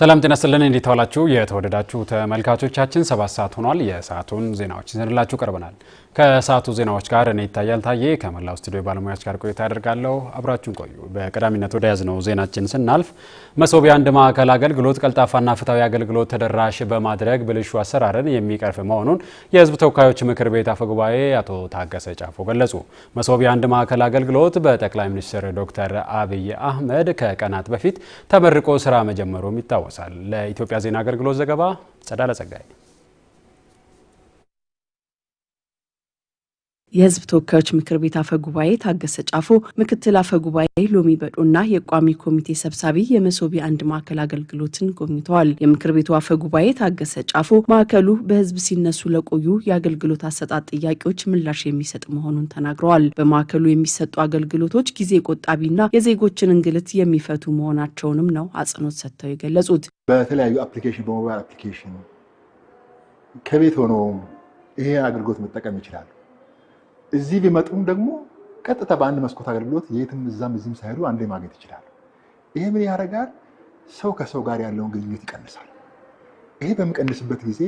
ሰላም ጤና ስለን እንዴት ዋላችሁ? የተወደዳችሁ ተመልካቾቻችን ሰባት ሰዓት ሆኗል። የሰዓቱን ዜናዎች ይዘንላችሁ ቀርበናል። ከሰዓቱ ዜናዎች ጋር እኔ ይታያል ታዬ ከመላው ስቱዲዮ ባለሙያዎች ጋር ቆይታ ያደርጋለሁ። አብራችሁን ቆዩ። በቀዳሚነት ወደ ያዝነው ዜናችን ስናልፍ መሶብ የአንድ ማዕከል አገልግሎት ቀልጣፋና ፍትሐዊ አገልግሎት ተደራሽ በማድረግ ብልሹ አሰራርን የሚቀርፍ መሆኑን የሕዝብ ተወካዮች ምክር ቤት አፈ ጉባኤ አቶ ታገሰ ጫፎ ገለጹ። መሶብ የአንድ ማዕከል አገልግሎት በጠቅላይ ሚኒስትር ዶክተር አብይ አህመድ ከቀናት በፊት ተመርቆ ስራ መጀመሩም ይታወሳል። ለኢትዮጵያ ዜና አገልግሎት ዘገባ ጸዳለ ጸጋይ የህዝብ ተወካዮች ምክር ቤት አፈ ጉባኤ ታገሰ ጫፎ፣ ምክትል አፈ ጉባኤ ሎሚ በዶና የቋሚ ኮሚቴ ሰብሳቢ የመሶቢ አንድ ማዕከል አገልግሎትን ጎብኝተዋል። የምክር ቤቱ አፈ ጉባኤ ታገሰ ጫፎ ማዕከሉ በህዝብ ሲነሱ ለቆዩ የአገልግሎት አሰጣጥ ጥያቄዎች ምላሽ የሚሰጥ መሆኑን ተናግረዋል። በማዕከሉ የሚሰጡ አገልግሎቶች ጊዜ ቆጣቢና የዜጎችን እንግልት የሚፈቱ መሆናቸውንም ነው አጽንኦት ሰጥተው የገለጹት። በተለያዩ አፕሊኬሽን በሞባይል አፕሊኬሽን ከቤት ሆኖ ይሄ አገልግሎት መጠቀም ይችላል። እዚህ ቢመጡም ደግሞ ቀጥታ በአንድ መስኮት አገልግሎት የትም እዛም እዚህም ሳይሄዱ አንዴ ማግኘት ይችላሉ። ይሄ ምን ያደርጋል? ሰው ከሰው ጋር ያለውን ግንኙነት ይቀንሳል። ይሄ በሚቀንስበት ጊዜ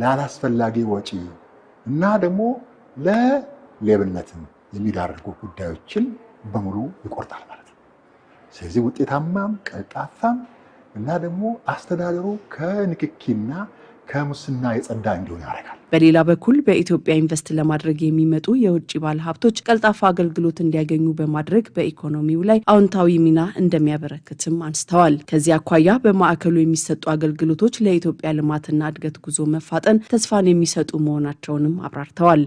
ላላስፈላጊ ወጪ እና ደግሞ ለሌብነትም የሚዳርጉ ጉዳዮችን በሙሉ ይቆርጣል ማለት ነው። ስለዚህ ውጤታማም ቀልጣፋም እና ደግሞ አስተዳደሩ ከንክኪና ከሙስና የጸዳ እንዲሆን ያደርጋል። በሌላ በኩል በኢትዮጵያ ኢንቨስት ለማድረግ የሚመጡ የውጭ ባለሀብቶች ሀብቶች ቀልጣፋ አገልግሎት እንዲያገኙ በማድረግ በኢኮኖሚው ላይ አዎንታዊ ሚና እንደሚያበረክትም አንስተዋል። ከዚህ አኳያ በማዕከሉ የሚሰጡ አገልግሎቶች ለኢትዮጵያ ልማትና እድገት ጉዞ መፋጠን ተስፋን የሚሰጡ መሆናቸውንም አብራርተዋል።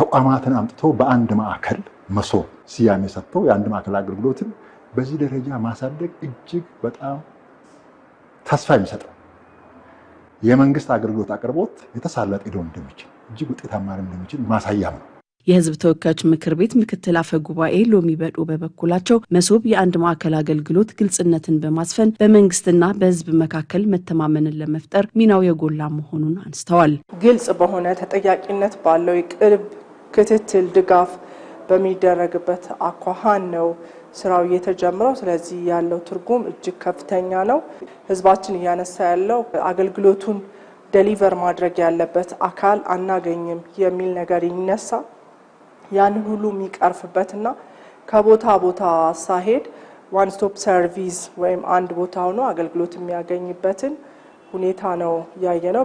ተቋማትን አምጥቶ በአንድ ማዕከል መሶ ስያሜ ሰጥቶ የአንድ ማዕከል አገልግሎትን በዚህ ደረጃ ማሳደግ እጅግ በጣም ተስፋ የሚሰጠው የመንግስት አገልግሎት አቅርቦት የተሳለጠ ሄደው እንደሚችል እጅግ ውጤታማ እንደሚችል ማሳያም ነው። የህዝብ ተወካዮች ምክር ቤት ምክትል አፈ ጉባኤ ሎሚ በዶ በበኩላቸው መሶብ የአንድ ማዕከል አገልግሎት ግልጽነትን በማስፈን በመንግስትና በህዝብ መካከል መተማመንን ለመፍጠር ሚናው የጎላ መሆኑን አንስተዋል። ግልጽ በሆነ ተጠያቂነት ባለው የቅርብ ክትትል ድጋፍ በሚደረግበት አኳኋን ነው ስራው እየተጀመረው። ስለዚህ ያለው ትርጉም እጅግ ከፍተኛ ነው። ህዝባችን እያነሳ ያለው አገልግሎቱን ደሊቨር ማድረግ ያለበት አካል አናገኝም የሚል ነገር ይነሳ። ያንን ሁሉ የሚቀርፍበትና ከቦታ ቦታ ሳሄድ ዋን ስቶፕ ሰርቪስ ወይም አንድ ቦታ ሆኖ አገልግሎት የሚያገኝበትን ሁኔታ ነው ያየ ነው።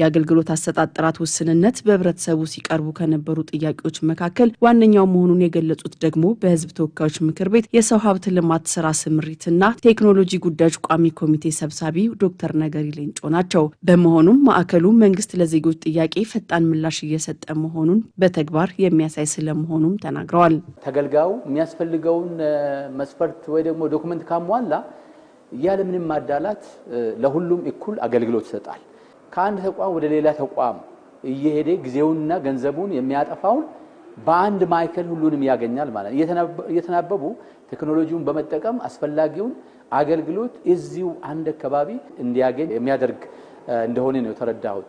የአገልግሎት አሰጣጥ ጥራት ውስንነት በህብረተሰቡ ሲቀርቡ ከነበሩ ጥያቄዎች መካከል ዋነኛው መሆኑን የገለጹት ደግሞ በህዝብ ተወካዮች ምክር ቤት የሰው ሀብት ልማት ስራ ስምሪትና ቴክኖሎጂ ጉዳዮች ቋሚ ኮሚቴ ሰብሳቢ ዶክተር ነገሪ ሌንጮ ናቸው። በመሆኑም ማዕከሉ መንግስት ለዜጎች ጥያቄ ፈጣን ምላሽ እየሰጠ መሆኑን በተግባር የሚያሳይ ስለመሆኑም ተናግረዋል። ተገልጋዩ የሚያስፈልገውን መስፈርት ወይ ደግሞ ዶክመንት ካሟላ ያለምንም ማዳላት ለሁሉም እኩል አገልግሎት ይሰጣል። ከአንድ ተቋም ወደ ሌላ ተቋም እየሄደ ጊዜውንና ገንዘቡን የሚያጠፋውን በአንድ ማዕከል ሁሉንም ያገኛል ማለት ነው። እየተናበቡ ቴክኖሎጂውን በመጠቀም አስፈላጊውን አገልግሎት እዚሁ አንድ አካባቢ እንዲያገኝ የሚያደርግ እንደሆነ ነው የተረዳሁት።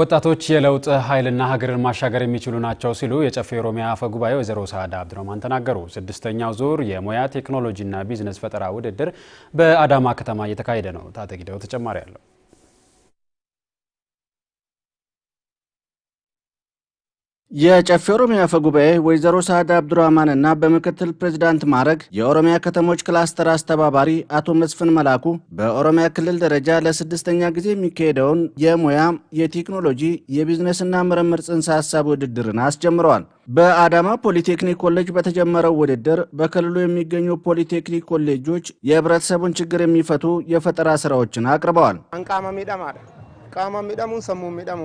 ወጣቶች የለውጥ ኃይልና ሀገርን ማሻገር የሚችሉ ናቸው ሲሉ የጨፌ ኦሮሚያ አፈ ጉባኤ ወይዘሮ ሳዕዳ አብዱረማን ተናገሩ። ስድስተኛው ዙር የሙያ ቴክኖሎጂና ቢዝነስ ፈጠራ ውድድር በአዳማ ከተማ እየተካሄደ ነው። ታጠቂደው ተጨማሪ አለው። የጨፌ ኦሮሚያ አፈ ጉባኤ ወይዘሮ ሳዕዳ አብዱራህማን በምክትል ፕሬዚዳንት ማዕረግ የኦሮሚያ ከተሞች ክላስተር አስተባባሪ አቶ መስፍን መላኩ በኦሮሚያ ክልል ደረጃ ለስድስተኛ ጊዜ የሚካሄደውን የሙያ የቴክኖሎጂ የቢዝነስና ምርምር ጽንሰ ሀሳብ ውድድርን አስጀምረዋል። በአዳማ ፖሊቴክኒክ ኮሌጅ በተጀመረው ውድድር በክልሉ የሚገኙ ፖሊቴክኒክ ኮሌጆች የህብረተሰቡን ችግር የሚፈቱ የፈጠራ ስራዎችን አቅርበዋል። አንቃማ ሚዳማ ቃማ ሚዳሙን ሰሙ ሚዳሙ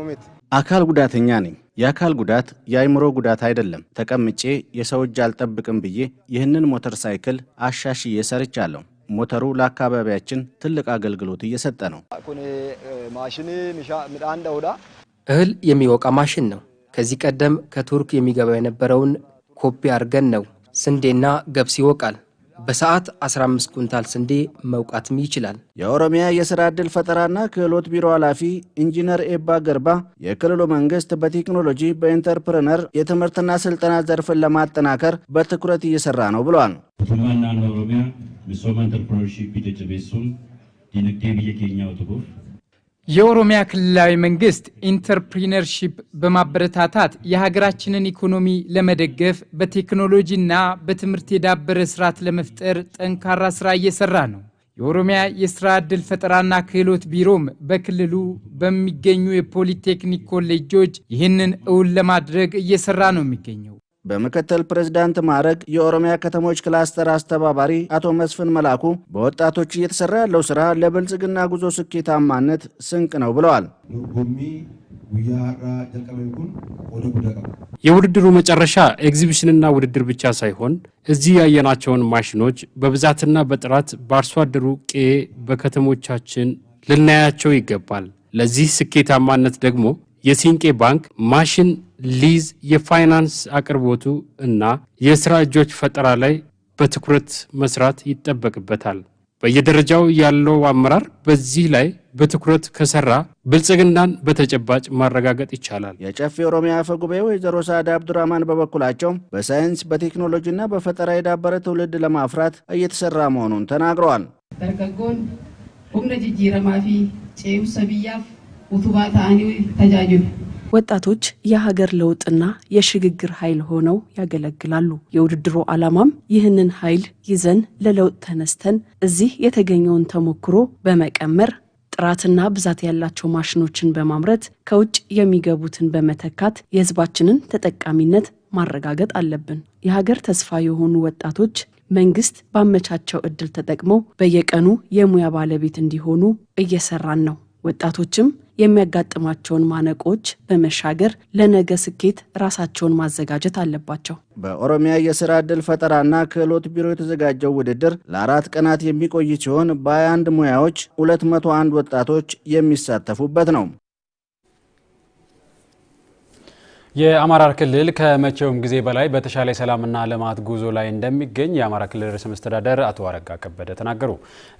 አካል ጉዳተኛ ነኝ የአካል ጉዳት የአይምሮ ጉዳት አይደለም። ተቀምጬ የሰው እጅ አልጠብቅም ብዬ ይህንን ሞተር ሳይክል አሻሽዬ ሰርቻለሁ። ሞተሩ ለአካባቢያችን ትልቅ አገልግሎት እየሰጠ ነው። እህል የሚወቃ ማሽን ነው። ከዚህ ቀደም ከቱርክ የሚገባ የነበረውን ኮፒ አድርገን ነው ስንዴና ገብስ ይወቃል። በሰዓት 15 ኩንታል ስንዴ መውቃትም ይችላል። የኦሮሚያ የሥራ ዕድል ፈጠራና ክህሎት ቢሮ ኃላፊ ኢንጂነር ኤባ ገርባ የክልሉ መንግስት በቴክኖሎጂ በኢንተርፕረነር የትምህርትና ስልጠና ዘርፍን ለማጠናከር በትኩረት እየሰራ ነው ብለዋል። ኦሮሚያ ሚሶማ ኢንተርፕረነርሺፕ ቤሱን ዲንግዴ ብየ ኬኛ የኦሮሚያ ክልላዊ መንግስት ኢንተርፕሪነርሺፕ በማበረታታት የሀገራችንን ኢኮኖሚ ለመደገፍ በቴክኖሎጂና በትምህርት የዳበረ ስርዓት ለመፍጠር ጠንካራ ስራ እየሰራ ነው። የኦሮሚያ የስራ ዕድል ፈጠራና ክህሎት ቢሮም በክልሉ በሚገኙ የፖሊቴክኒክ ኮሌጆች ይህንን እውን ለማድረግ እየሰራ ነው የሚገኘው። በምክትል ፕሬዝዳንት ማዕረግ የኦሮሚያ ከተሞች ክላስተር አስተባባሪ አቶ መስፍን መላኩ በወጣቶች እየተሰራ ያለው ስራ ለብልጽግና ጉዞ ስኬታማነት ስንቅ ነው ብለዋል። የውድድሩ መጨረሻ ኤግዚቢሽንና ውድድር ብቻ ሳይሆን እዚህ ያየናቸውን ማሽኖች በብዛትና በጥራት በአርሶ አደሩ ቄ በከተሞቻችን ልናያቸው ይገባል። ለዚህ ስኬታማነት ደግሞ የሲንቄ ባንክ ማሽን ሊዝ፣ የፋይናንስ አቅርቦቱ እና የስራ እጆች ፈጠራ ላይ በትኩረት መስራት ይጠበቅበታል። በየደረጃው ያለው አመራር በዚህ ላይ በትኩረት ከሰራ ብልጽግናን በተጨባጭ ማረጋገጥ ይቻላል። የጨፌ ኦሮሚያ አፈ ጉባኤ ወይዘሮ ሳዳ አብዱራማን በበኩላቸው በሳይንስ በቴክኖሎጂና በፈጠራ የዳበረ ትውልድ ለማፍራት እየተሰራ መሆኑን ተናግረዋል። ደርገጎን ሁምነ ጅጅረማፊ ጨምሰ ውቱባ ተጃጅል ወጣቶች የሀገር ለውጥና የሽግግር ኃይል ሆነው ያገለግላሉ። የውድድሩ ዓላማም ይህንን ኃይል ይዘን ለለውጥ ተነስተን እዚህ የተገኘውን ተሞክሮ በመቀመር ጥራትና ብዛት ያላቸው ማሽኖችን በማምረት ከውጭ የሚገቡትን በመተካት የሕዝባችንን ተጠቃሚነት ማረጋገጥ አለብን። የሀገር ተስፋ የሆኑ ወጣቶች መንግስት ባመቻቸው እድል ተጠቅመው በየቀኑ የሙያ ባለቤት እንዲሆኑ እየሰራን ነው። ወጣቶችም የሚያጋጥማቸውን ማነቆች በመሻገር ለነገ ስኬት ራሳቸውን ማዘጋጀት አለባቸው። በኦሮሚያ የስራ ዕድል ፈጠራና ክህሎት ቢሮ የተዘጋጀው ውድድር ለአራት ቀናት የሚቆይ ሲሆን በ21 ሙያዎች 201 ወጣቶች የሚሳተፉበት ነው። የአማራ ክልል ከመቼውም ጊዜ በላይ በተሻለ ሰላምና ልማት ጉዞ ላይ እንደሚገኝ የአማራ ክልል ርዕሰ መስተዳደር አቶ አረጋ ከበደ ተናገሩ።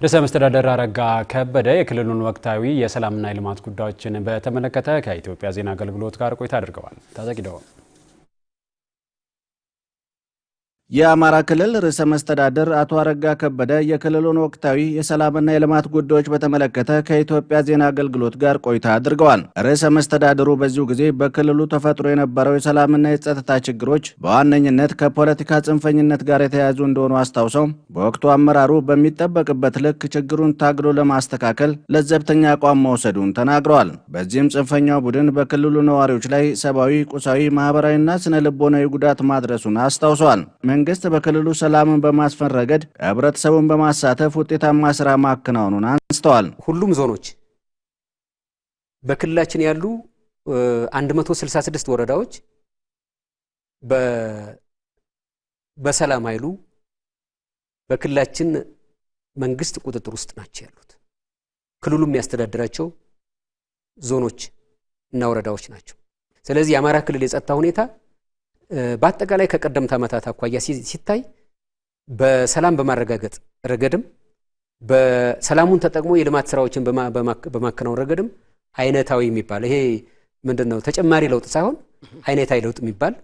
ርዕሰ መስተዳደር አረጋ ከበደ የክልሉን ወቅታዊ የሰላምና የልማት ጉዳዮችን በተመለከተ ከኢትዮጵያ ዜና አገልግሎት ጋር ቆይታ አድርገዋል። ታጠቂደዋል የአማራ ክልል ርዕሰ መስተዳድር አቶ አረጋ ከበደ የክልሉን ወቅታዊ የሰላምና የልማት ጉዳዮች በተመለከተ ከኢትዮጵያ ዜና አገልግሎት ጋር ቆይታ አድርገዋል። ርዕሰ መስተዳድሩ በዚሁ ጊዜ በክልሉ ተፈጥሮ የነበረው የሰላምና የጸጥታ ችግሮች በዋነኝነት ከፖለቲካ ጽንፈኝነት ጋር የተያያዙ እንደሆኑ አስታውሰው በወቅቱ አመራሩ በሚጠበቅበት ልክ ችግሩን ታግሎ ለማስተካከል ለዘብተኛ አቋም መውሰዱን ተናግረዋል። በዚህም ጽንፈኛው ቡድን በክልሉ ነዋሪዎች ላይ ሰብአዊ፣ ቁሳዊ፣ ማህበራዊና ስነ ልቦናዊ ጉዳት ማድረሱን አስታውሰዋል። መንግስት በክልሉ ሰላምን በማስፈን ረገድ ህብረተሰቡን በማሳተፍ ውጤታማ ስራ ማከናወኑን አንስተዋል። ሁሉም ዞኖች በክልላችን ያሉ 166 ወረዳዎች በሰላም ኃይሉ በክልላችን መንግስት ቁጥጥር ውስጥ ናቸው ያሉት። ክልሉ የሚያስተዳድራቸው ዞኖች እና ወረዳዎች ናቸው። ስለዚህ የአማራ ክልል የጸጥታ ሁኔታ በአጠቃላይ ከቀደምት ዓመታት አኳያ ሲታይ በሰላም በማረጋገጥ ረገድም በሰላሙን ተጠቅሞ የልማት ስራዎችን በማከናወን ረገድም አይነታዊ የሚባል ይሄ ምንድን ነው ተጨማሪ ለውጥ ሳይሆን አይነታዊ ለውጥ የሚባል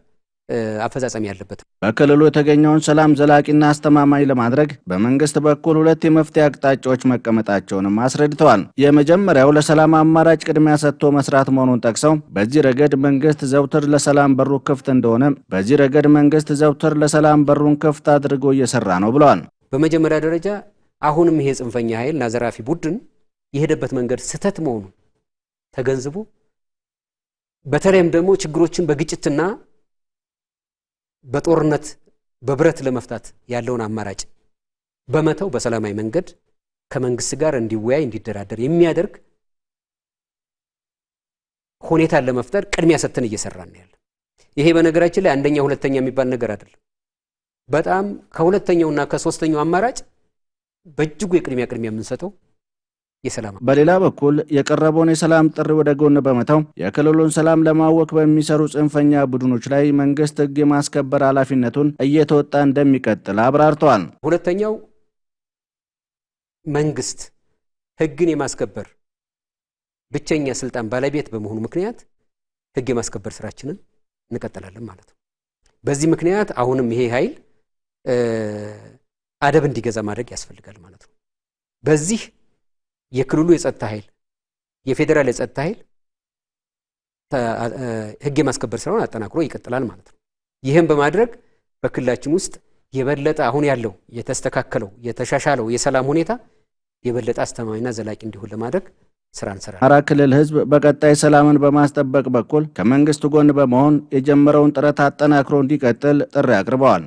አፈጻጸም ያለበት። በክልሉ የተገኘውን ሰላም ዘላቂና አስተማማኝ ለማድረግ በመንግስት በኩል ሁለት የመፍትሄ አቅጣጫዎች መቀመጣቸውንም አስረድተዋል። የመጀመሪያው ለሰላም አማራጭ ቅድሚያ ሰጥቶ መስራት መሆኑን ጠቅሰው በዚህ ረገድ መንግስት ዘውትር ለሰላም በሩ ክፍት እንደሆነ፣ በዚህ ረገድ መንግስት ዘውትር ለሰላም በሩን ክፍት አድርጎ እየሰራ ነው ብለዋል። በመጀመሪያ ደረጃ አሁንም ይሄ ጽንፈኛ ኃይልና ዘራፊ ቡድን የሄደበት መንገድ ስህተት መሆኑን ተገንዝቦ በተለይም ደግሞ ችግሮችን በግጭትና በጦርነት በብረት ለመፍታት ያለውን አማራጭ በመተው በሰላማዊ መንገድ ከመንግስት ጋር እንዲወያይ እንዲደራደር የሚያደርግ ሁኔታን ለመፍጠር ቅድሚያ ሰጥተን እየሰራን ነው ያለ። ይሄ በነገራችን ላይ አንደኛ ሁለተኛ የሚባል ነገር አይደለም። በጣም ከሁለተኛውና ከሶስተኛው አማራጭ በእጅጉ የቅድሚያ ቅድሚያ የምንሰጠው የሰላም በሌላ በኩል የቀረበውን የሰላም ጥሪ ወደ ጎን በመተው የክልሉን ሰላም ለማወክ በሚሰሩ ጽንፈኛ ቡድኖች ላይ መንግስት ህግ የማስከበር ኃላፊነቱን እየተወጣ እንደሚቀጥል አብራርተዋል። ሁለተኛው መንግስት ህግን የማስከበር ብቸኛ ስልጣን ባለቤት በመሆኑ ምክንያት ህግ የማስከበር ስራችንን እንቀጥላለን ማለት ነው። በዚህ ምክንያት አሁንም ይሄ ኃይል አደብ እንዲገዛ ማድረግ ያስፈልጋል ማለት ነው። በዚህ የክልሉ የጸጥታ ኃይል፣ የፌዴራል የጸጥታ ኃይል ህግ የማስከበር ስራውን አጠናክሮ ይቀጥላል ማለት ነው። ይህም በማድረግ በክልላችን ውስጥ የበለጠ አሁን ያለው የተስተካከለው የተሻሻለው የሰላም ሁኔታ የበለጠ አስተማማኝና ዘላቂ እንዲሆን ለማድረግ ስራ እንሰራለን። አማራ ክልል ህዝብ በቀጣይ ሰላምን በማስጠበቅ በኩል ከመንግስት ጎን በመሆን የጀመረውን ጥረት አጠናክሮ እንዲቀጥል ጥሪ አቅርበዋል።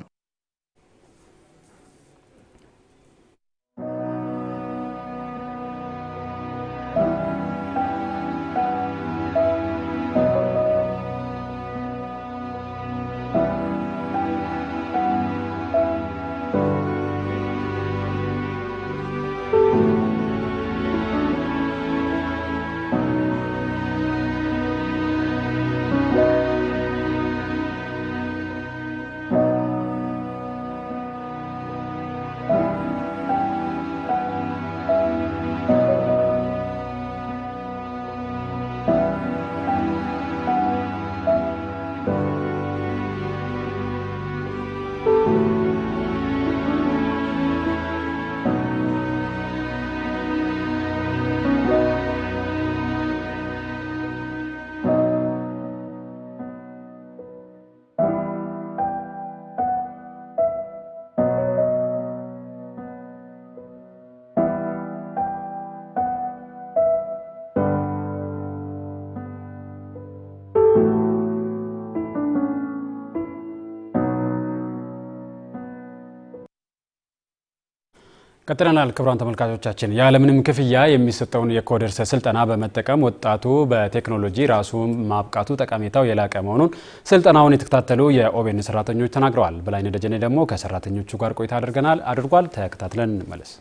ቀጥለናል። ክቡራን ተመልካቾቻችን ያለምንም ክፍያ የሚሰጠውን የኮደርስ ስልጠና በመጠቀም ወጣቱ በቴክኖሎጂ ራሱ ማብቃቱ ጠቀሜታው የላቀ መሆኑን ስልጠናውን የተከታተሉ የኦቤን ሰራተኞች ተናግረዋል። በላይነህ ደጀኔ ደግሞ ከሰራተኞቹ ጋር ቆይታ አድርገናል አድርጓል። ተከታትለን እንመለስ።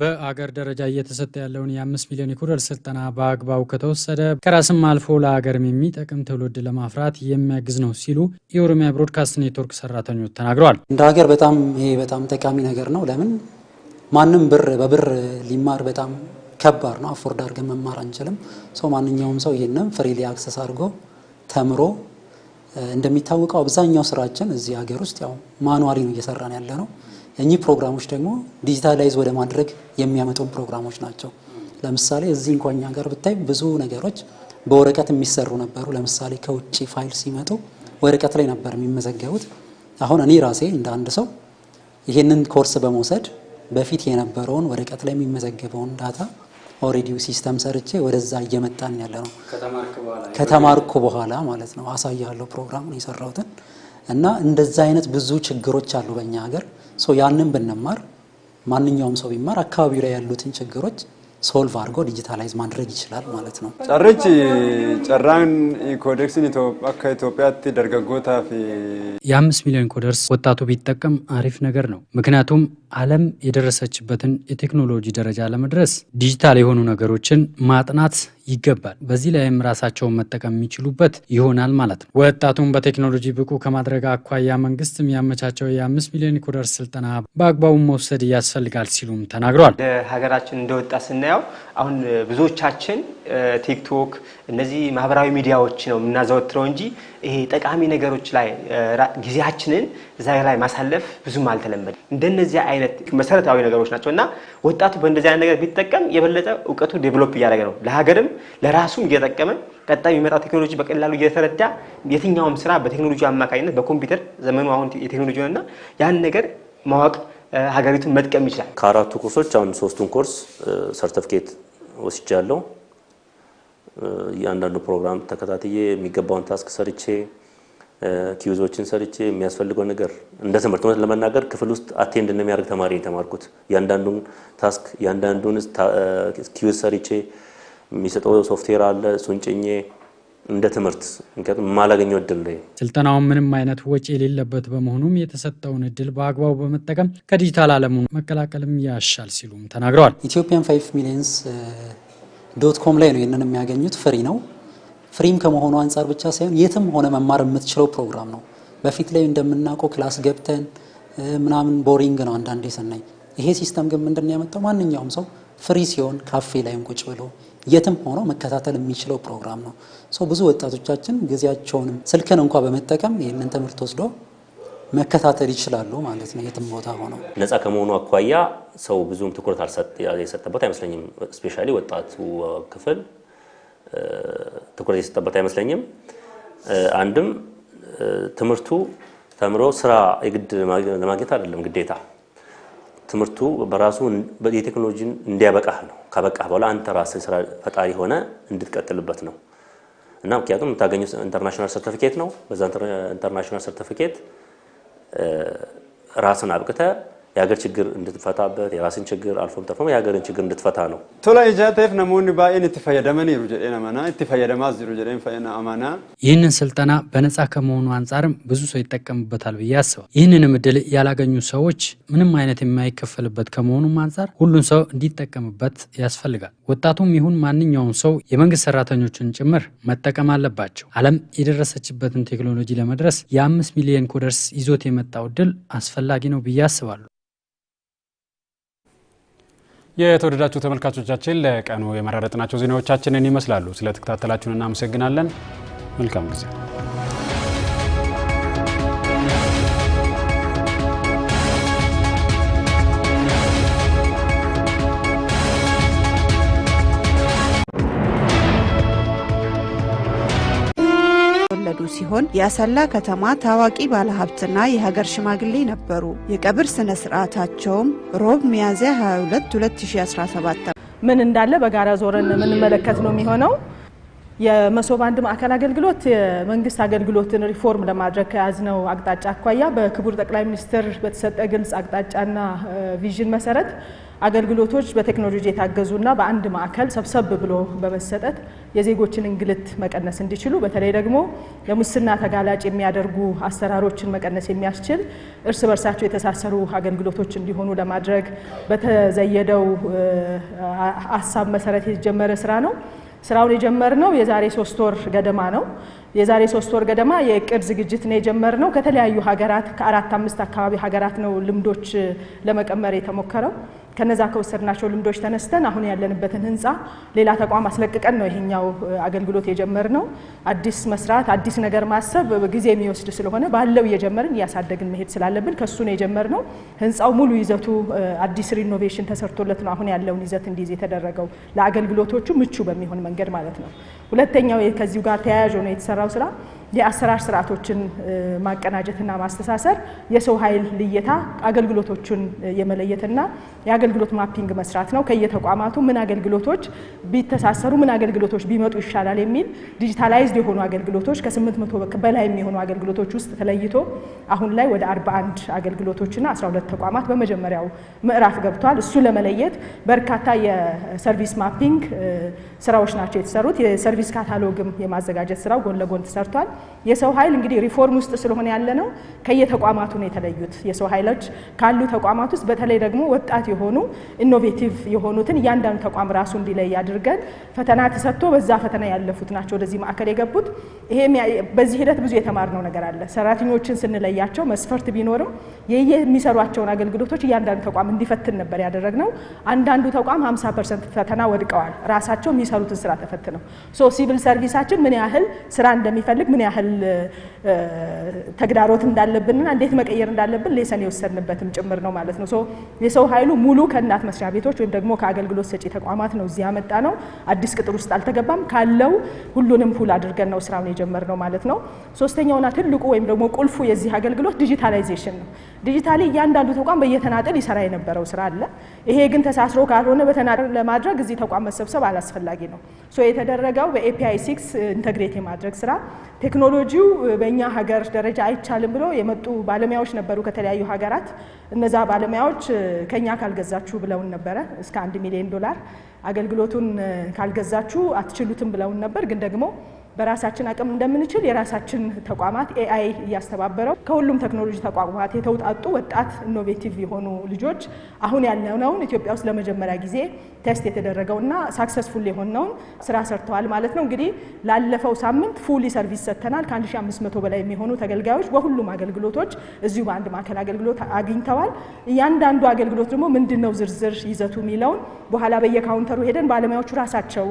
በአገር ደረጃ እየተሰጠ ያለውን የአምስት ሚሊዮን የኮደር ስልጠና በአግባቡ ከተወሰደ ከራስም አልፎ ለሀገርም የሚጠቅም ትውልድ ለማፍራት የሚያግዝ ነው ሲሉ የኦሮሚያ ብሮድካስት ኔትወርክ ሰራተኞች ተናግረዋል። እንደ ሀገር በጣም ይሄ በጣም ጠቃሚ ነገር ነው። ለምን ማንም ብር በብር ሊማር በጣም ከባድ ነው። አፎርድ አድርገን መማር አንችልም። ሰው ማንኛውም ሰው ይህንም ፍሪሊ አክሰስ አድርጎ ተምሮ እንደሚታወቀው አብዛኛው ስራችን እዚህ ሀገር ውስጥ ያው ማኑዋሪ ነው እየሰራን ያለ ነው እኚህ ፕሮግራሞች ደግሞ ዲጂታላይዝ ወደ ማድረግ የሚያመጡን ፕሮግራሞች ናቸው። ለምሳሌ እዚህ እንኳን እኛ ጋር ብታይ ብዙ ነገሮች በወረቀት የሚሰሩ ነበሩ። ለምሳሌ ከውጭ ፋይል ሲመጡ ወረቀት ላይ ነበር የሚመዘገቡት። አሁን እኔ ራሴ እንደ አንድ ሰው ይህንን ኮርስ በመውሰድ በፊት የነበረውን ወረቀት ላይ የሚመዘገበውን ዳታ ኦልሬዲ ሲስተም ሰርቼ ወደዛ እየመጣን ያለ ነው ከተማርኩ በኋላ ማለት ነው። አሳያለሁ ፕሮግራሙን የሰራሁትን እና እንደዛ አይነት ብዙ ችግሮች አሉ በእኛ ሀገር። ያንን ብንማር ማንኛውም ሰው ቢማር አካባቢው ላይ ያሉትን ችግሮች ሶልቭ አድርጎ ዲጂታላይዝ ማድረግ ይችላል ማለት ነው። ጨርች ጨራን ኮደክስን ኢትዮጵያት ደርገጎታ የአምስት ሚሊዮን ኮደርስ ወጣቱ ቢጠቀም አሪፍ ነገር ነው። ምክንያቱም ዓለም የደረሰችበትን የቴክኖሎጂ ደረጃ ለመድረስ ዲጂታል የሆኑ ነገሮችን ማጥናት ይገባል። በዚህ ላይም ራሳቸውን መጠቀም የሚችሉበት ይሆናል ማለት ነው። ወጣቱን በቴክኖሎጂ ብቁ ከማድረግ አኳያ መንግስት የሚያመቻቸው የአምስት ሚሊዮን ኮደር ስልጠና በአግባቡ መውሰድ ያስፈልጋል ሲሉም ተናግረዋል። ሀገራችን እንደወጣ ስናየው አሁን ብዙዎቻችን ቲክቶክ፣ እነዚህ ማህበራዊ ሚዲያዎች ነው የምናዘወትረው እንጂ ይሄ ጠቃሚ ነገሮች ላይ ጊዜያችንን እዛ ላይ ማሳለፍ ብዙም አልተለመደ። እንደነዚህ አይነት መሰረታዊ ነገሮች ናቸው እና ወጣቱ በእንደዚህ አይነት ነገር ቢጠቀም የበለጠ እውቀቱ ዴቨሎፕ እያደረገ ነው ለሀገርም ለራሱም እየጠቀመ ቀጣይ የሚመጣው ቴክኖሎጂ በቀላሉ እየተረዳ የትኛውም ስራ በቴክኖሎጂ አማካኝነት በኮምፒውተር ዘመኑ አሁን የቴክኖሎጂ እና ያን ነገር ማወቅ ሀገሪቱን መጥቀም ይችላል። ከአራቱ ኮርሶች አሁን ሶስቱን ኮርስ ሰርተፍኬት ወስጃለሁ። እያንዳንዱ ፕሮግራም ተከታትዬ የሚገባውን ታስክ ሰርቼ ኪዩዞችን ሰርቼ የሚያስፈልገው ነገር እንደ ትምህርት እውነት ለመናገር ክፍል ውስጥ አቴንድ እንደሚያደርግ ተማሪ የተማርኩት እያንዳንዱን ታስክ እያንዳንዱን ኪዩዝ ሰርቼ የሚሰጠው ሶፍትዌር አለ። እሱን ጭኜ እንደ ትምህርት ምክንያቱም የማላገኘው እድል ላይ ስልጠናውን ምንም አይነት ወጪ የሌለበት በመሆኑም የተሰጠውን እድል በአግባቡ በመጠቀም ከዲጂታል ዓለሙ መቀላቀልም ያሻል ሲሉም ተናግረዋል። ኢትዮጵያን ፋይቭ ሚሊየንስ ዶት ኮም ላይ ነው ይህንን የሚያገኙት። ፍሪ ነው። ፍሪም ከመሆኑ አንጻር ብቻ ሳይሆን የትም ሆነ መማር የምትችለው ፕሮግራም ነው። በፊት ላይ እንደምናውቀው ክላስ ገብተን uh, ምናምን ቦሪንግ ነው አንዳንዴ ስናይ። ይሄ ሲስተም ግን ምንድን ነው ያመጣው? ማንኛውም ሰው ፍሪ ሲሆን ካፌ ላይም ቁጭ ብሎ የትም ሆኖ መከታተል የሚችለው ፕሮግራም ነው። ሰው ብዙ ወጣቶቻችን ጊዜያቸውንም ስልክን እንኳ በመጠቀም ይህንን ትምህርት ወስዶ መከታተል ይችላሉ ማለት ነው። የትም ቦታ ሆኖ ነፃ ከመሆኑ አኳያ ሰው ብዙም ትኩረት የሰጠበት አይመስለኝም። እስፔሻሊ ወጣቱ ክፍል ትኩረት የሰጠበት አይመስለኝም። አንድም ትምህርቱ ተምሮ ስራ የግድ ለማግኘት አይደለም ግዴታ ትምህርቱ በራሱ የቴክኖሎጂን እንዲያበቃህ ነው። ካበቃህ በኋላ አንተ ራስህ ስራ ፈጣሪ ሆነ እንድትቀጥልበት ነው እና ምክንያቱም የምታገኘው ኢንተርናሽናል ሰርቲፊኬት ነው። በዛ ኢንተርናሽናል ሰርቲፊኬት ራስን አብቅተህ የሀገር ችግር እንድትፈታበት የራስን ችግር አልፎም ተርፎም የሀገርን ችግር እንድትፈታ ነው። ቶላ ጃቴፍ ነሞኒ ባኤን ትፈየደመን ሩ ጀዴን አማና እትፈየደማ ዝሩ ጀዴን ፈየና አማና። ይህንን ስልጠና በነጻ ከመሆኑ አንጻርም ብዙ ሰው ይጠቀምበታል ብዬ አስባል። ይህንንም እድል ያላገኙ ሰዎች ምንም አይነት የማይከፈልበት ከመሆኑም አንጻር ሁሉን ሰው እንዲጠቀምበት ያስፈልጋል። ወጣቱም ይሁን ማንኛውም ሰው የመንግስት ሰራተኞችን ጭምር መጠቀም አለባቸው። ዓለም የደረሰችበትን ቴክኖሎጂ ለመድረስ የአምስት ሚሊዮን ኮደርስ ይዞት የመጣው እድል አስፈላጊ ነው ብዬ አስባሉ። የተወደዳችሁ ተመልካቾቻችን ለቀኑ የመራረጥናቸው ዜናዎቻችንን ይመስላሉ። ስለ እናመሰግናለን። መልካም ጊዜ ሲሆን የአሰላ ከተማ ታዋቂ ባለሀብትና የሀገር ሽማግሌ ነበሩ። የቀብር ስነ ስርዓታቸውም ሮብ ሚያዝያ 22 2017 ምን እንዳለ በጋራ ዞረን የምንመለከት ነው የሚሆነው። የመሶብ አንድ ማዕከል አገልግሎት የመንግስት አገልግሎትን ሪፎርም ለማድረግ ከያዝነው አቅጣጫ አኳያ በክቡር ጠቅላይ ሚኒስትር በተሰጠ ግልጽ አቅጣጫና ቪዥን መሰረት አገልግሎቶች በቴክኖሎጂ የታገዙና በአንድ ማዕከል ሰብሰብ ብሎ በመሰጠት የዜጎችን እንግልት መቀነስ እንዲችሉ በተለይ ደግሞ ለሙስና ተጋላጭ የሚያደርጉ አሰራሮችን መቀነስ የሚያስችል እርስ በርሳቸው የተሳሰሩ አገልግሎቶች እንዲሆኑ ለማድረግ በተዘየደው ሀሳብ መሰረት የተጀመረ ስራ ነው። ስራውን የጀመርነው የዛሬ ሶስት ወር ገደማ ነው። የዛሬ ሶስት ወር ገደማ የእቅድ ዝግጅት ነው የጀመርነው። ከተለያዩ ሀገራት ከአራት አምስት አካባቢ ሀገራት ነው ልምዶች ለመቀመር የተሞከረው። ከነዛ ከወሰድናቸው ልምዶች ተነስተን አሁን ያለንበትን ህንፃ ሌላ ተቋም አስለቅቀን ነው ይሄኛው አገልግሎት የጀመርነው። አዲስ መስራት፣ አዲስ ነገር ማሰብ ጊዜ የሚወስድ ስለሆነ ባለው እየጀመርን እያሳደግን መሄድ ስላለብን ከሱ ነው የጀመርነው። ህንፃው ሙሉ ይዘቱ አዲስ ሪኖቬሽን ተሰርቶለት ነው አሁን ያለውን ይዘት እንዲይዝ የተደረገው ለአገልግሎቶቹ ምቹ በሚሆን መንገድ ማለት ነው። ሁለተኛው ከዚሁ ጋር ተያያዥ ነው የተሰራው ስራ የአሰራር ስርዓቶችን ማቀናጀትና ማስተሳሰር፣ የሰው ኃይል ልየታ፣ አገልግሎቶቹን የመለየትና የአገልግሎት ማፒንግ መስራት ነው። ከየተቋማቱ ምን አገልግሎቶች ቢተሳሰሩ ምን አገልግሎቶች ቢመጡ ይሻላል የሚል ዲጂታላይዝድ የሆኑ አገልግሎቶች ከ መቶ በላይ የሚሆኑ አገልግሎቶች ውስጥ ተለይቶ አሁን ላይ ወደ 41 አገልግሎቶችና 12 ተቋማት በመጀመሪያው ምዕራፍ ገብቷል። እሱ ለመለየት በርካታ የሰርቪስ ማፒንግ ስራዎች ናቸው የተሰሩት። የሰርቪስ ካታሎግም የማዘጋጀት ስራው ጎን ለጎን ተሰርቷል። የሰው ኃይል እንግዲህ ሪፎርም ውስጥ ስለሆነ ያለ ነው። ከየተቋማቱ ነው የተለዩት የሰው ኃይሎች ካሉ ተቋማት ውስጥ በተለይ ደግሞ ወጣት የሆኑ ኢኖቬቲቭ የሆኑትን እያንዳንዱ ተቋም ራሱ እንዲለይ አድርገን ፈተና ተሰጥቶ በዛ ፈተና ያለፉት ናቸው ወደዚህ ማዕከል የገቡት። ይሄም በዚህ ሂደት ብዙ የተማርነው ነገር አለ። ሰራተኞችን ስንለያቸው መስፈርት ቢኖርም የሚሰሯቸውን አገልግሎቶች እያንዳንዱ ተቋም እንዲፈትን ነበር ያደረግነው። አንዳንዱ ተቋም 50 ፐርሰንት ፈተና ወድቀዋል። ራሳቸው የሚሰሩትን ስራ ተፈትነው ሲቪል ሰርቪሳችን ምን ያህል ስራ እንደሚፈልግ ምን ያህል ተግዳሮት እንዳለብንና እንዴት መቀየር እንዳለብን ሌሰን የወሰድንበትም ጭምር ነው ማለት ነው። የሰው ኃይሉ ሙሉ ከእናት መስሪያ ቤቶች ወይም ደግሞ ከአገልግሎት ሰጪ ተቋማት ነው እዚህ ያመጣ ነው። አዲስ ቅጥር ውስጥ አልተገባም። ካለው ሁሉንም ፉል አድርገን ነው ስራውን የጀመርነው ማለት ነው። ሶስተኛውና ትልቁ ወይም ደግሞ ቁልፉ የዚህ አገልግሎት ዲጂታላይዜሽን ነው። ዲጂታሊ እያንዳንዱ ተቋም በየተናጠል ይሰራ የነበረው ስራ አለ። ይሄ ግን ተሳስሮ ካልሆነ በተናጠል ለማድረግ እዚህ ተቋም መሰብሰብ አላስፈላጊ ነው። የተደረገው በኤፒአይ ሲክስ ኢንተግሬት የማድረግ ስራ ቴክኖሎጂው በእኛ ሀገር ደረጃ አይቻልም ብለው የመጡ ባለሙያዎች ነበሩ ከተለያዩ ሀገራት። እነዛ ባለሙያዎች ከኛ ካልገዛችሁ ብለውን ነበረ። እስከ አንድ ሚሊዮን ዶላር አገልግሎቱን ካልገዛችሁ አትችሉትም ብለውን ነበር ግን ደግሞ በራሳችን አቅም እንደምንችል የራሳችን ተቋማት ኤአይ እያስተባበረው ከሁሉም ቴክኖሎጂ ተቋማት የተውጣጡ ወጣት ኢኖቬቲቭ የሆኑ ልጆች አሁን ያለነውን ኢትዮጵያ ውስጥ ለመጀመሪያ ጊዜ ቴስት የተደረገውና ሳክሰስፉል የሆነውን ስራ ሰርተዋል ማለት ነው። እንግዲህ ላለፈው ሳምንት ፉሊ ሰርቪስ ሰጥተናል። ከ1500 በላይ የሚሆኑ ተገልጋዮች በሁሉም አገልግሎቶች እዚሁ በአንድ ማዕከል አገልግሎት አግኝተዋል። እያንዳንዱ አገልግሎት ደግሞ ምንድን ነው ዝርዝር ይዘቱ የሚለውን በኋላ በየካውንተሩ ሄደን ባለሙያዎቹ ራሳቸው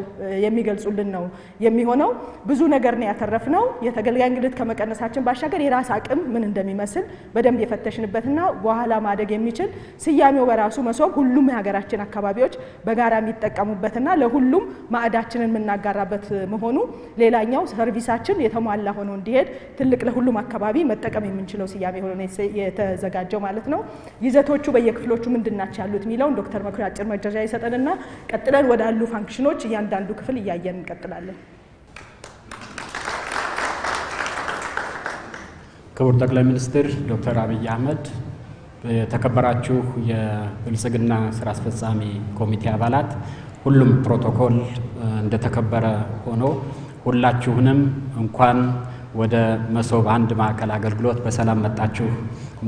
የሚገልጹልን ነው የሚሆነው። ብዙ ነገር ነው ያተረፍነው። የተገልጋይ እንግልት ከመቀነሳችን ባሻገር የራስ አቅም ምን እንደሚመስል በደንብ የፈተሽንበትና በኋላ ማደግ የሚችል ስያሜው በራሱ መሶብ ሁሉም የሀገራችን አካባቢዎች በጋራ የሚጠቀሙበትና ለሁሉም ማዕዳችንን የምናጋራበት መሆኑ ሌላኛው ሰርቪሳችን የተሟላ ሆኖ እንዲሄድ ትልቅ ለሁሉም አካባቢ መጠቀም የምንችለው ስያሜ ሆኖ የተዘጋጀው ማለት ነው። ይዘቶቹ በየክፍሎቹ ምንድናቸው ያሉት የሚለውን ዶክተር መኩሪያ አጭር መረጃ ይሰጠንና ቀጥለን ወዳሉ ፋንክሽኖች እያንዳንዱ ክፍል እያየን እንቀጥላለን። ክቡር ጠቅላይ ሚኒስትር ዶክተር አብይ አህመድ፣ የተከበራችሁ የብልጽግና ስራ አስፈጻሚ ኮሚቴ አባላት፣ ሁሉም ፕሮቶኮል እንደተከበረ ሆኖ ሁላችሁንም እንኳን ወደ መሶብ አንድ ማዕከል አገልግሎት በሰላም መጣችሁ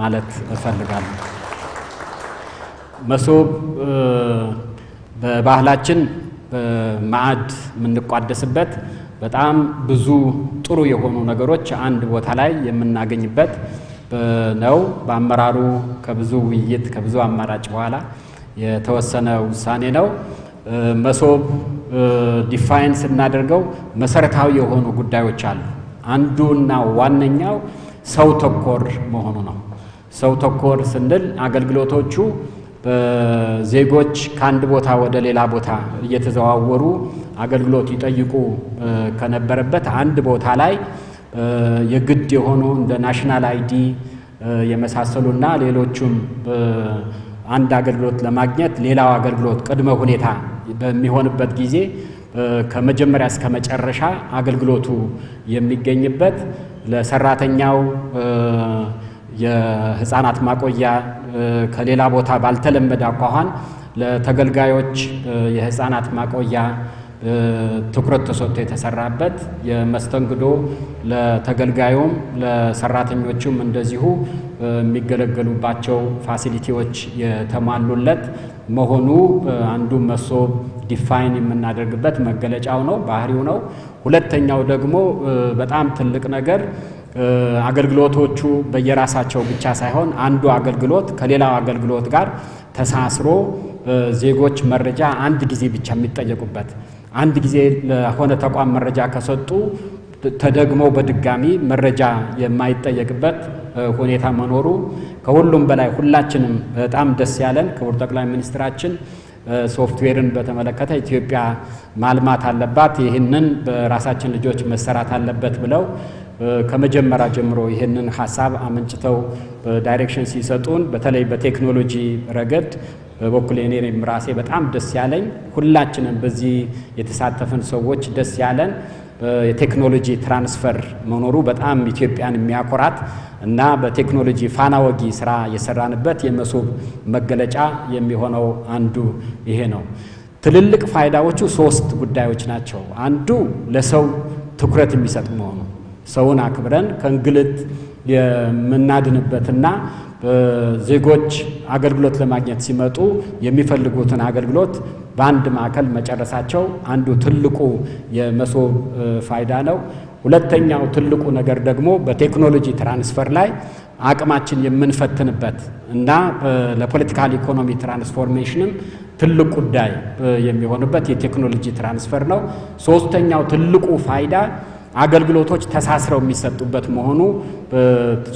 ማለት እፈልጋለሁ። መሶብ በባህላችን በማዕድ የምንቋደስበት በጣም ብዙ ጥሩ የሆኑ ነገሮች አንድ ቦታ ላይ የምናገኝበት ነው። በአመራሩ ከብዙ ውይይት ከብዙ አማራጭ በኋላ የተወሰነ ውሳኔ ነው። መሶብ ዲፋይን ስናደርገው መሰረታዊ የሆኑ ጉዳዮች አሉ። አንዱና ዋነኛው ሰው ተኮር መሆኑ ነው። ሰው ተኮር ስንል አገልግሎቶቹ ዜጎች ከአንድ ቦታ ወደ ሌላ ቦታ እየተዘዋወሩ አገልግሎት ይጠይቁ ከነበረበት አንድ ቦታ ላይ የግድ የሆኑ እንደ ናሽናል አይዲ የመሳሰሉና ሌሎቹም አንድ አገልግሎት ለማግኘት ሌላው አገልግሎት ቅድመ ሁኔታ በሚሆንበት ጊዜ ከመጀመሪያ እስከ መጨረሻ አገልግሎቱ የሚገኝበት ለሰራተኛው የህፃናት ማቆያ ከሌላ ቦታ ባልተለመደ አኳኋን ለተገልጋዮች የህፃናት ማቆያ ትኩረት ተሰጥቶ የተሰራበት የመስተንግዶ ለተገልጋዩም ለሰራተኞቹም እንደዚሁ የሚገለገሉባቸው ፋሲሊቲዎች የተሟሉለት መሆኑ አንዱ መሶ ዲፋይን የምናደርግበት መገለጫው ነው፣ ባህሪው ነው። ሁለተኛው ደግሞ በጣም ትልቅ ነገር አገልግሎቶቹ በየራሳቸው ብቻ ሳይሆን አንዱ አገልግሎት ከሌላው አገልግሎት ጋር ተሳስሮ ዜጎች መረጃ አንድ ጊዜ ብቻ የሚጠየቁበት አንድ ጊዜ ለሆነ ተቋም መረጃ ከሰጡ ተደግሞ በድጋሚ መረጃ የማይጠየቅበት ሁኔታ መኖሩ ከሁሉም በላይ ሁላችንም በጣም ደስ ያለን ክቡር ጠቅላይ ሚኒስትራችን ሶፍትዌርን በተመለከተ ኢትዮጵያ ማልማት አለባት፣ ይህንን በራሳችን ልጆች መሰራት አለበት ብለው ከመጀመሪያ ጀምሮ ይህንን ሀሳብ አመንጭተው ዳይሬክሽን ሲሰጡን በተለይ በቴክኖሎጂ ረገድ በበኩል እኔም ራሴ በጣም ደስ ያለኝ ሁላችንም በዚህ የተሳተፈን ሰዎች ደስ ያለን የቴክኖሎጂ ትራንስፈር መኖሩ በጣም ኢትዮጵያን የሚያኮራት እና በቴክኖሎጂ ፋና ወጊ ስራ የሰራንበት የመሶብ መገለጫ የሚሆነው አንዱ ይሄ ነው። ትልልቅ ፋይዳዎቹ ሶስት ጉዳዮች ናቸው። አንዱ ለሰው ትኩረት የሚሰጥ መሆኑ ሰውን አክብረን ከእንግልት የምናድንበትና ዜጎች አገልግሎት ለማግኘት ሲመጡ የሚፈልጉትን አገልግሎት በአንድ ማዕከል መጨረሳቸው አንዱ ትልቁ የመሶብ ፋይዳ ነው። ሁለተኛው ትልቁ ነገር ደግሞ በቴክኖሎጂ ትራንስፈር ላይ አቅማችን የምንፈትንበት እና ለፖለቲካል ኢኮኖሚ ትራንስፎርሜሽንም ትልቅ ጉዳይ የሚሆንበት የቴክኖሎጂ ትራንስፈር ነው። ሶስተኛው ትልቁ ፋይዳ አገልግሎቶች ተሳስረው የሚሰጡበት መሆኑ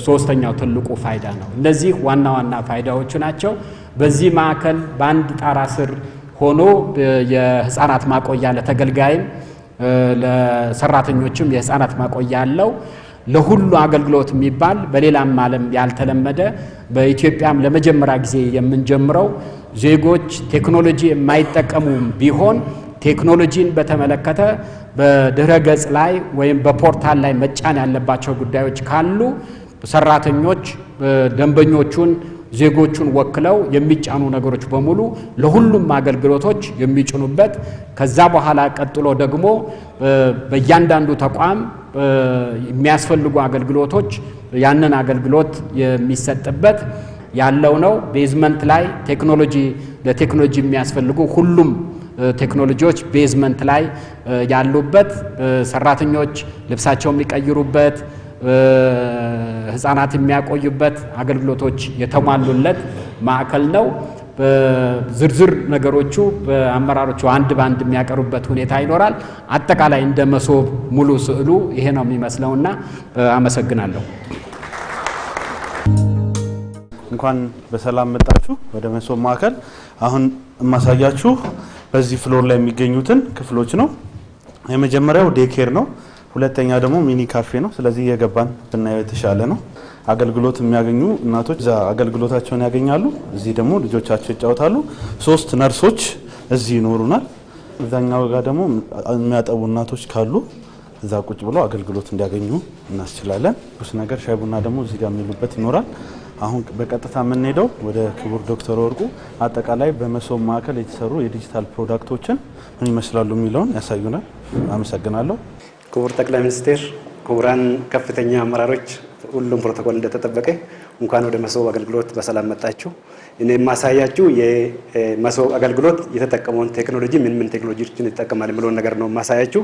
ሶስተኛው ትልቁ ፋይዳ ነው። እነዚህ ዋና ዋና ፋይዳዎቹ ናቸው። በዚህ ማዕከል በአንድ ጣራ ስር ሆኖ የህፃናት ማቆያ ለተገልጋይም ለሰራተኞችም የህፃናት ማቆያ አለው። ለሁሉ አገልግሎት የሚባል በሌላም ዓለም ያልተለመደ በኢትዮጵያም ለመጀመሪያ ጊዜ የምንጀምረው ዜጎች ቴክኖሎጂ የማይጠቀሙም ቢሆን ቴክኖሎጂን በተመለከተ በድረ ገጽ ላይ ወይም በፖርታል ላይ መጫን ያለባቸው ጉዳዮች ካሉ ሰራተኞች ደንበኞቹን ዜጎቹን ወክለው የሚጫኑ ነገሮች በሙሉ ለሁሉም አገልግሎቶች የሚጭኑበት ከዛ በኋላ ቀጥሎ ደግሞ በእያንዳንዱ ተቋም የሚያስፈልጉ አገልግሎቶች ያንን አገልግሎት የሚሰጥበት ያለው ነው። ቤዝመንት ላይ ቴክኖሎጂ ለቴክኖሎጂ የሚያስፈልጉ ሁሉም ቴክኖሎጂዎች ቤዝመንት ላይ ያሉበት ሰራተኞች ልብሳቸው ሊቀይሩበት ህጻናት የሚያቆዩበት አገልግሎቶች የተሟሉለት ማዕከል ነው። ዝርዝር ነገሮቹ በአመራሮቹ አንድ በአንድ የሚያቀርቡበት ሁኔታ ይኖራል። አጠቃላይ እንደ መሶብ ሙሉ ስዕሉ ይሄ ነው የሚመስለውና አመሰግናለሁ። እንኳን በሰላም መጣችሁ ወደ መሶብ ማዕከል። አሁን የማሳያችሁ? በዚህ ፍሎር ላይ የሚገኙትን ክፍሎች ነው። የመጀመሪያው ዴኬር ነው። ሁለተኛ ደግሞ ሚኒ ካፌ ነው። ስለዚህ እየገባን ብናየው የተሻለ ነው። አገልግሎት የሚያገኙ እናቶች እዛ አገልግሎታቸውን ያገኛሉ። እዚህ ደግሞ ልጆቻቸው ይጫወታሉ። ሶስት ነርሶች እዚህ ይኖሩናል። እዛኛው ጋር ደግሞ የሚያጠቡ እናቶች ካሉ እዛ ቁጭ ብለው አገልግሎት እንዲያገኙ እናስችላለን። ቁስ ነገር ሻይ ቡና ደግሞ እዚህ ጋር የሚሉበት ይኖራል። አሁን በቀጥታ የምንሄደው ወደ ክቡር ዶክተር ወርቁ አጠቃላይ በመሶብ ማዕከል የተሰሩ የዲጂታል ፕሮዳክቶችን ምን ይመስላሉ የሚለውን ያሳዩናል። አመሰግናለሁ። ክቡር ጠቅላይ ሚኒስቴር፣ ክቡራን ከፍተኛ አመራሮች፣ ሁሉም ፕሮቶኮል እንደተጠበቀ እንኳን ወደ መሶብ አገልግሎት በሰላም መጣችሁ። እኔ የማሳያችሁ የመሶብ አገልግሎት የተጠቀመውን ቴክኖሎጂ ምን ምን ቴክኖሎጂዎችን ይጠቀማል የሚለውን ነገር ነው የማሳያችሁ።